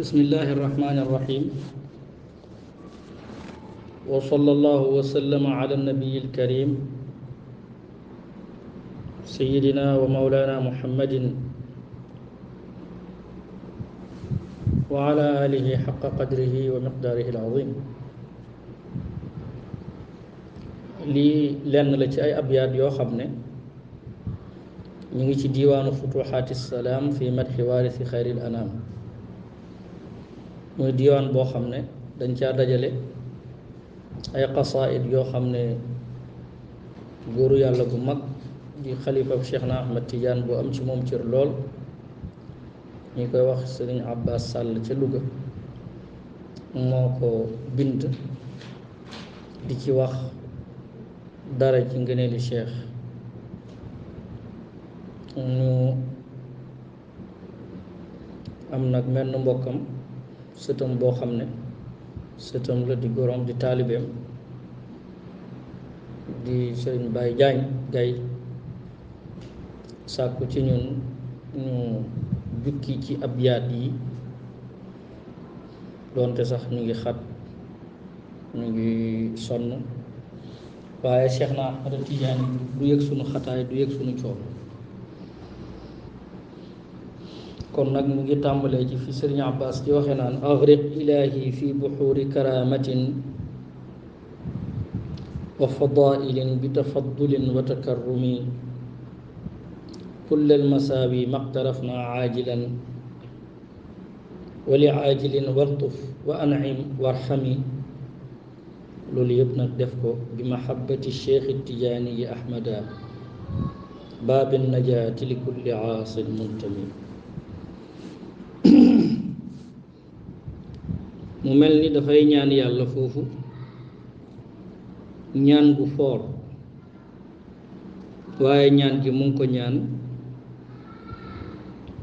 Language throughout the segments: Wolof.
بسم الله الرحمن الرحيم وصلى الله وسلم على النبي الكريم سيدنا ومولانا محمد وعلى آله حق قدره ومقداره العظيم لي lenn la ci ay abyaat yoo xam ne ñu ngi ci diiwaanu futuxaati muy diwaan boo xam ne dañ caa dajale ay xasaayid yoo xam ne góoru yàlla bu mag di xalifa Cheikh na Ahmad Tidiane bu am ci moom cër lool ñu koy wax sëriñ Abbas Sall ca Louga moo ko bind di ci wax dara ci ngëneelu Cheikh ñu am nag menn mbokkam sëtam boo xam ne sëtam la di gorom di taalibeem di sëriñ Baye Diagne Gaye sàkku ci ñun ñu jukki ci ab yaat yi doonte sax ñu ngi xat ñu ngi sonn waaye Cheikh na Ahmada Tidiane du yëg sunu xataay du yëg sunu coono كون نك موغي تامبالي في سيرني عباس دي وخي نان اغرق الهي في بحور كرامه وفضائل بتفضل وتكرم كل المساوي ما اقترفنا عاجلا ولعاجل والطف وانعم وارحم لولي ابن دفكو بمحبة الشيخ التجاني أحمد باب النجاة لكل عاص منتمي mu mel ni dafay ñaan yàlla foofu ñaan bu foor waaye ñaan gi mu ko ñaan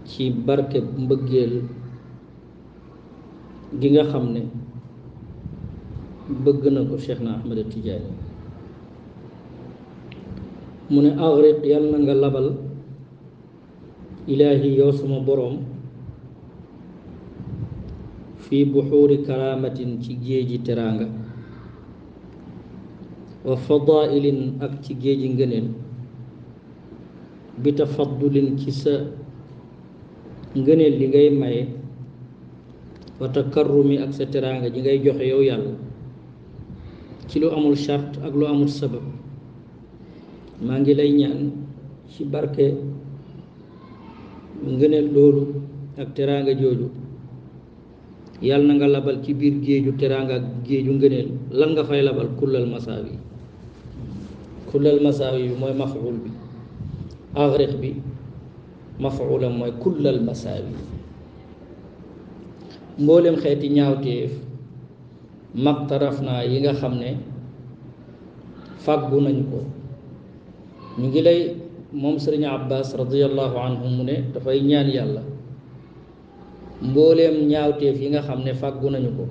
ci barkeb mbëggeel gi nga xam ne bëgg na ko Cheikh na Ahmada Tijaani mu ne agriq yàlla nga labal ilaahi yow sama boroom fii buxuuri karaamatin ci géeji teraanga wa fadailin ak ci géeji ngëneel bi tafaddulin ci sa ngëneel li ngay maye wa takarrumi ak sa teraanga ji ngay joxe yow yàlla ci lu amul charte ak lu amul sabab maa ngi lay ñaan ci barke ngëneel loolu ak teraanga jooju yàlla na nga labal ci biir géeju teraanga ak géeju ngëneel lan nga fay labal kullal masaawi kullal masaawi bi mooy mafuul bi agriq bi mafuulam mooy kullal masaawi mboolem xeeti ñaawteef mag taraf naa yi nga xam ne fàggu nañu ko ñu ngi lay moom sëriñ abbas radiallahu mu ne dafay ñaan yàlla mbooleem ñaawteef yi nga xam ne fàggu nañu ko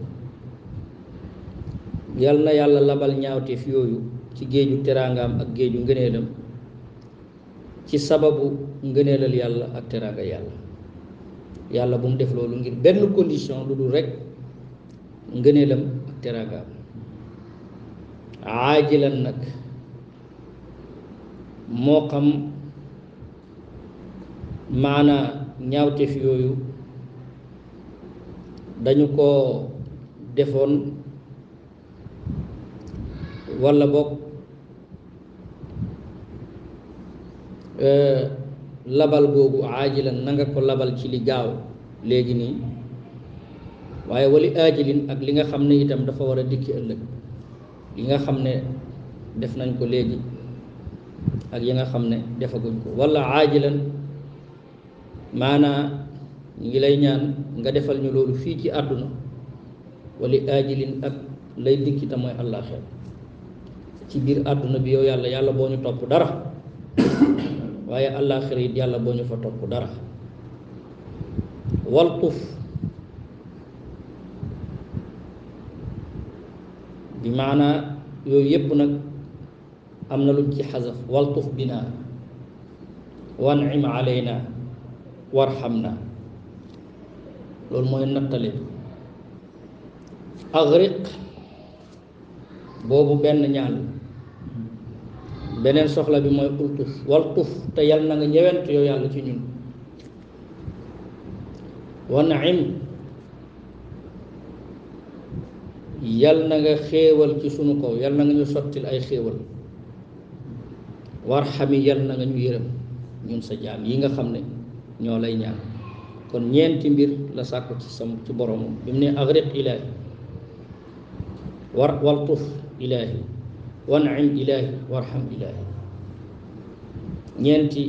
yal na yàlla labal ñaawteef yooyu ci géeju teraangaam ak géeju ngëneelam ci sababu ngëneelal yàlla ak teraanga yàlla yàlla bu mu def loolu ngir benn condition lu dul rek ngëneelam ak teraangaam aajilan nag moo xam maanaa ñaawteef yooyu dañu ko defoon walla boog euh, labal googu aajilan na nga ko labal ci li gaaw léegi nii waaye wali aajilin ak li nga xam ne itam dafa war a dikki ëllëg yi nga xam ne def nañ ko léegi ak yi nga xam ne defaguñ ko walla aajilan maanaa ñu ngi lay ñaan nga defal ñu loolu fii ci àdduna wali ajilin ak lay dikki te mooy àllaaxeer ci biir àdduna bi yow yàlla yàlla boo ñu topp dara waaye àllaaxeer it yàlla boo ñu fa topp dara waltuf bi maanaa yooyu yépp nag am na ci xasaf wan'im alayna warhamna loolu mooy nattale agriq boobu benn ñaan beneen soxla bi mooy ultuf waltuf te yal na nga ñëwent yow yàlla ci ñun wa naim yal na nga xéewal ci sunu kow yal na nga ñu sottil ay xéewal war xami yal na nga ñu yërëm ñun sa jaam yi nga xam ne ñoo lay ñaan kon ñeenti mbir la sàkku ci sam ci boromam ne agriq ilaahi war waltuf ilaahi wancim ilaahi warxam ilaahi ñeenti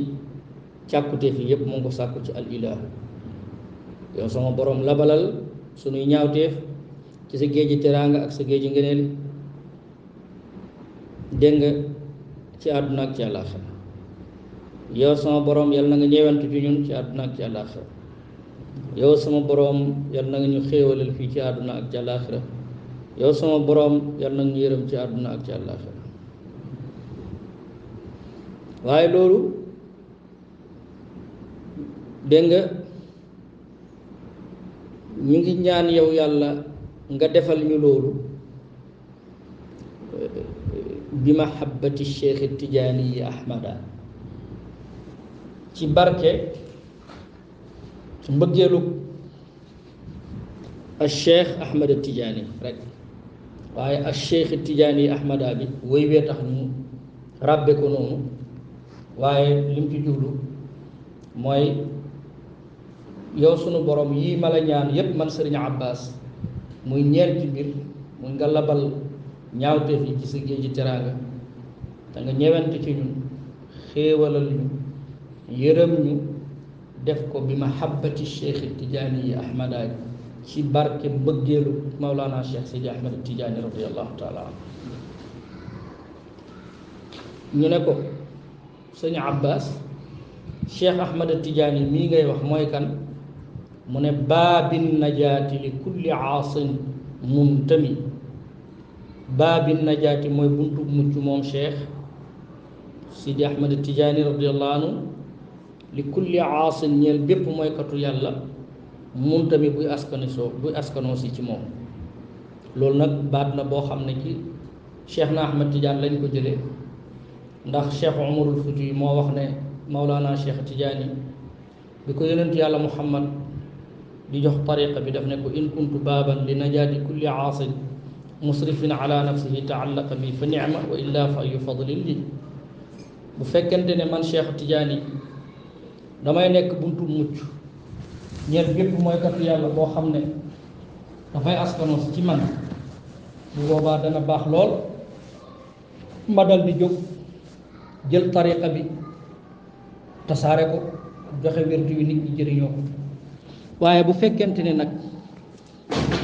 càkkute fi yépp mu ngi ko ci al ilah. yow sama borom labalal sunuy ñaawteef ci sa géeji teranga ak sa géeji ngeneel dégg nga ci àdduna ak ci àllaaxira yow sama borom yàlla nga ñeewantu ci ñun ci ak ci yow sama boroom yal na ñu xéewalal fii ci àdduna ak ci àllaaxira yow sama boroom yal na nga ñu yërëm ci àdduna ak ci àllaaxira waaye loolu dégg nga ñu ngi ñaan yow yàlla nga defal ñu loolu eh, bi mahabbati cheikh tijaani yi ahmada ci barke mbëggeelu al cheikh ahmad al tijaani rek waaye al cheikh al tijaani ahmada bi woy wee tax ñu ràbbe ko noonu waaye li mu ci jublu mooy yow sunu borom yii mala ñaan yépp man sëriñ abbas muy ñeenti mbir muy nga labal ñaawteef yi ci sa géej teraanga te nga ñewent ci ñun xéewalal ñu yërëm ñu def ko bi mahabbati cheikh Tijani Ahmad ahmada ci barke mbëggeelu maulana cheikh sidi ahmad Tijani radiallahu taala anhu ñu ne ko abbas cheikh ahmad Tijani mii ngay wax mooy kan mu ne baabin najaati li kulli asin mumtami babin najati mooy buntu mucc moom cheikh sidi ahmad Tijani radiallahu anhu li kulli aasin ñeel bépp moykatu yàlla mun tamit buy askani soo buy askanoo si ci moom loolu nag baat la boo xam ne ci cheikh na ahmad tidiane lañ ko jëlee ndax cheikh umarul futi yi moo wax ne maolaana cheikh tidiane bi ko yonent yàlla muhammad di jox tariqa bi daf ne ko in kuntu baaban li najaati kulli aasin musrifin ala nafsihi taallaqa bi fa nicma wa illa fa ayu fadlin li bu fekkente ne man cheikh tidiane damay nekk buntu mucc ñeel bépp mooy katu yàlla boo xam ne dafay askanos ci man bu boobaa dana baax lool ma dal di jóg jël tariqa bi tasaare ko joxe wérdu yu nit ñi jëriñoo ko waaye bu fekkente ne nag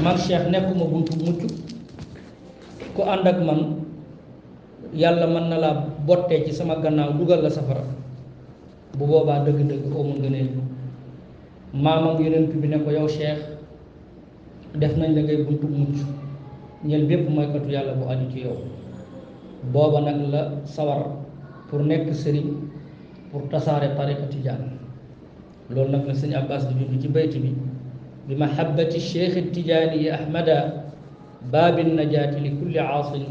man cheikh nekkuma buntu mucc ku ànd ak man yàlla mën na laa bottee ci sama gannaaw dugal la safara bu boobaa dëgg-dëgg ooma ngëneel maamam yonent bi ne ko yow cheikh def nañ la ngay buntu mucc ñeel bépp moykatu yàlla bu aju ci yow booba nag la sawar pour nekk sëriñ pour tasaare tariqa tijaan loolu nag la sëñ abbas di jundu ci bayti bi bi mahabbati cheikh tijaani yi ahmada baabin najaati li kulli aasin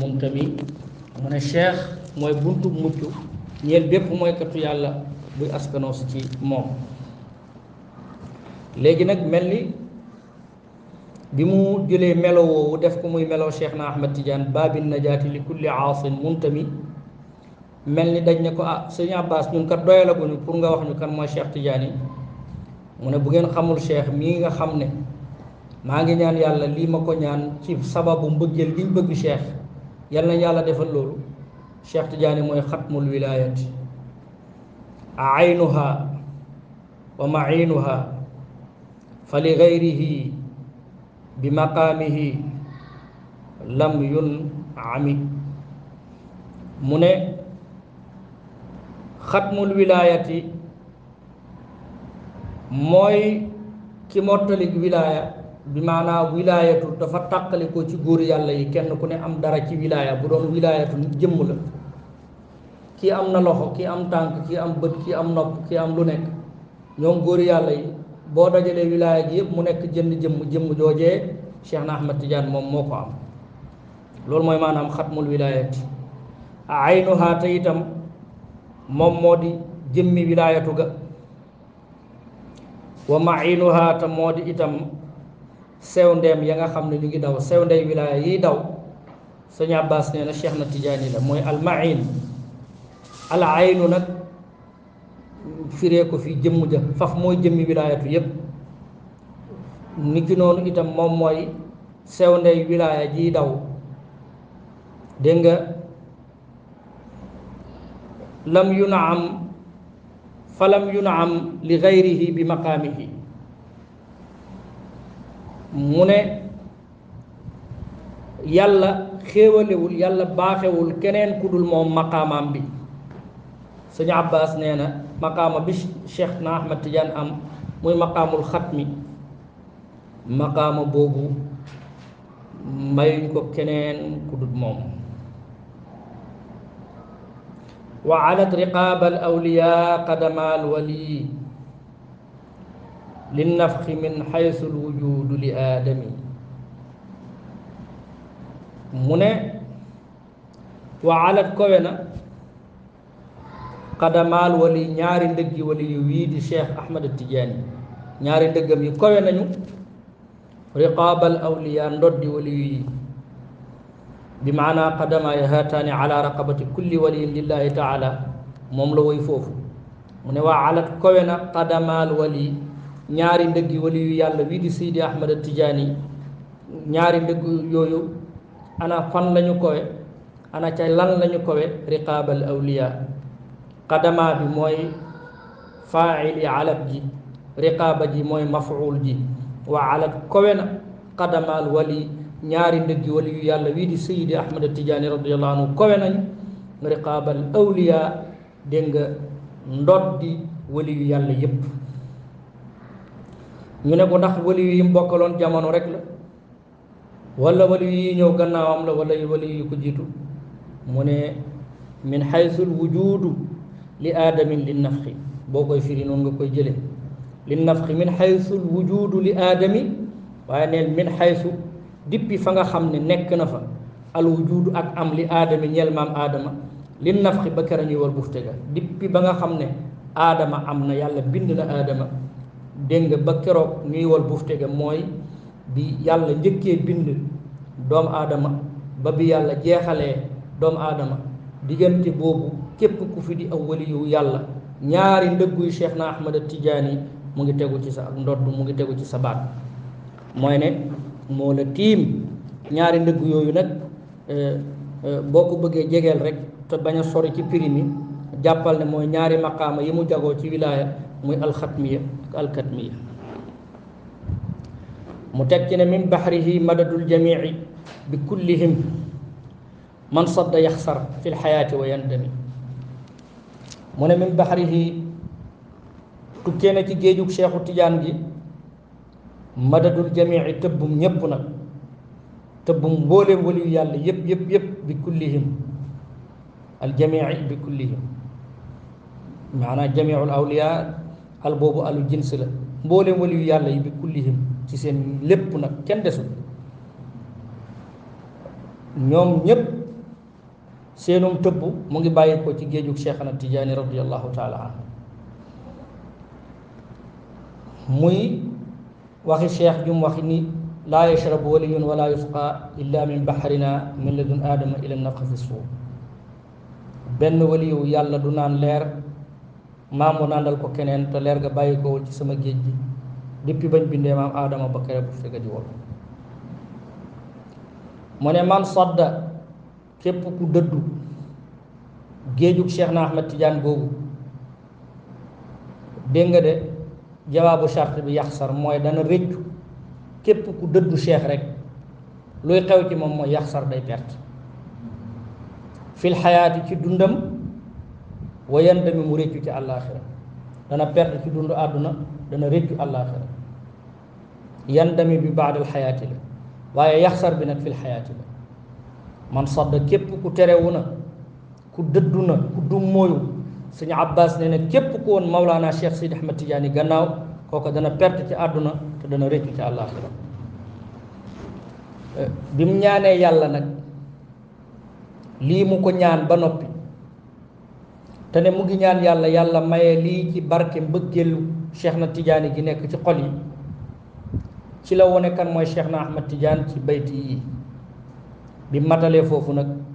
muntami mu ne cheikh mooy buntu mucc ñeel bépp mooykatu yàlla buy askanoosi ci moom léegi nag mel ni bi mu jëlee melo woowu def ko muy meloo cheikh na ahmad tidiane baabi najaati li kulli aasin tamit mel ni dañ ne ko ah sëñ abbas ñun kat doyalaguñu pour nga wax ñu kan mooy cheikh tidiane yi mu ne bu ngeen xamul cheikh mii nga xam ne maa ngi ñaan yàlla lii ma ko ñaan ci sababu mbëggeel liñ bëgg cheikh yal na yàlla defal loolu Cheikh Tidiane mooy xatmul wilayati aynuha wa mainuha fa li gayrihi bi maqaamihi lam yun ami mu ne xatmul wilayati mooy ki mottalik wilaya bi maanaa wilaayatu dafa tàqali ko ci góor yàlla yi kenn ku ne am dara ci wilaaya bu doon wilaayatu jëmm la kii am na loxo kii am tànk kii am bët kii am nopp kii am lu nekk ñoom góor yàlla yi boo dajalee wilaaya gi yëpp mu nekk jënd jëmm jëmm joojee Cheikh na Ahmad Tidiane moom moo ko am loolu mooy maanaam xatmul wilaayati aynuha te itam moom moo di jëmmi wilaayatu ga wa mainuha te moo di itam sew ndeem ya nga xam ne ñu ngi daw sew ndey wilaaya yiy daw sëñ Abbas nee na Cheikh na Tijaani la mooy almain ala aynu nag firee ko fi jëmm ja faf mooy jëmmi wilaayatu yépp niki noonu itam moom mooy sew ndey wilaaya jiy daw dégg nga lam yu na am falam yu na am li gayrihi bi maqaamihi mu ne yàlla xéewalewul yàlla baaxewul keneen ku dul moom maqaamaam bi sëñ Abbas nee na maqaama bi Cheikh na Ahmad Tidiane am muy maqaamul xatmi maqaama boobu mayuñ ko keneen ku dul moom wa alat riqaab al awliya qadama al wali للنفخ من حيث الوجود لآدم من وعلى كوينا قدمال ولي نياري ندغي ولي ويد شيخ أحمد التجاني نياري ندغم يكوينا نيو رقاب الأولياء ندودي ولي بمعنى قدما يهاتان على رقبة كل ولي لله تعالى مملو فوف من وعلى كوينا قدمال ولي ñaari ndëggi waliyu yàlla wii di Seydi Ahmad Tijaani ñaari ndëgg yooyu ana fan lañu kowe ana ca lan lañu kowe riqaabal awliya qadama bi mooy faa'ili alab ji riqaaba ji mooy mafuul ji waa alab kowe na qadamaal wali ñaari ndëggi waliyu yàlla wii di Seydi Ahmad Tijaani radiyallahu anhu kowe nañu riqaabal awliya dégg ndoddi waliyu yàlla yépp ñu ne ko ndax wali yi mu bokkaloon jamono rek la wala wali yi ñëw gannaawam la wala wali yi ko jiitu mu ne min xaysul wujudu li aadamin li nafxi boo koy firi noonu nga koy jëlee li nafxi min xaysul wujudu li aadami waaye ne min xaysu dippi fa nga xam ne nekk na fa al wujudu ak am li aadami ñel maam aadama li nafxi ba kera ñuy war bufte ga dippi ba nga xam ne aadama am na yàlla bind na aadama dégg nga ba keroog ñuy wal buftege mooy bi yàlla njëkkee bind doomu aadama ba bi yàlla jeexalee doomu aadama diggante boobu képp ku fi di aw waliyu yàlla ñaari ndëgguy Cheikh na Ahmada Tijaani mu ngi tegu ci sa ak ndodd mu ngi tegu ci sa baat mooy ne moo la tiim ñaari ndëgg yooyu nag euh, euh, boo ko bëggee jegeel rek te bañ a sori ci prix mi jàppal ne mooy ñaari makaama yi mu jagoo ci wilaaya موي الختمية الكتمية متكنا من بحره مدد الجميع بكلهم من صد يخسر في الحياة ويندم من من بحره تكينا كي جيجوك شيخ تجانجي مدد الجميع تبهم يبنا تبهم بولي ولي يال يب يب يب بكلهم الجميع بكلهم معنى جميع الأولياء al boobu alu jins la mbooleem waliyu yàlla yi bi kullihim ci seen lépp nag kenn desul ñoom ñépp seenoom tëbb mu ngi bàyyi ko ci géejug Cheikhana Tijaani radiallahu taala anhu muy waxi cheikh jum waxi ni laa yashrabu waliyun wala yusqa illa min bahrina min ladun aadama ila naqfi suuf benn waliyu yàlla du naan leer maam mu nàndal ko keneen te leer ga bàyyi ko ci sama géej gi depuis bañ bindee maam aadama ba kere bu fekk di wol mu ne man sodda képp ku dëddu géejug Cheikh na Ahmed Tidiane boobu dégg de jawaabu charte bi yaxsar mooy dana réccu képp ku dëddu cheikh rek luy xew ci moom mooy yaxsar day perte fil xayaati ci dundam wayandami mu réccu ci àllaaxira dana perte ci dundu àdduna dana réccu àllaaxira yandami bi baadal xayaati la waaye yaxsar bi nag fil xayaati man sadd képp ku terewu na ku dëddu na ku dummóoyu suñu abbas nee na képp ku woon mawlaana cheikh sidi ahmad tijaani gannaaw kooku dana perte ci àdduna te dana réccu ci àllaaxira bi mu ñaanee yàlla nag lii mu ko ñaan ba noppi te ne mu ngi ñaan yàlla yàlla maye lii ci barke mbëggeelu cheikh na tijaani gi nekk ci xol yi ci la wone kan mooy cheikh na ahmad tidiane ci bayt yi bi matalee foofu nag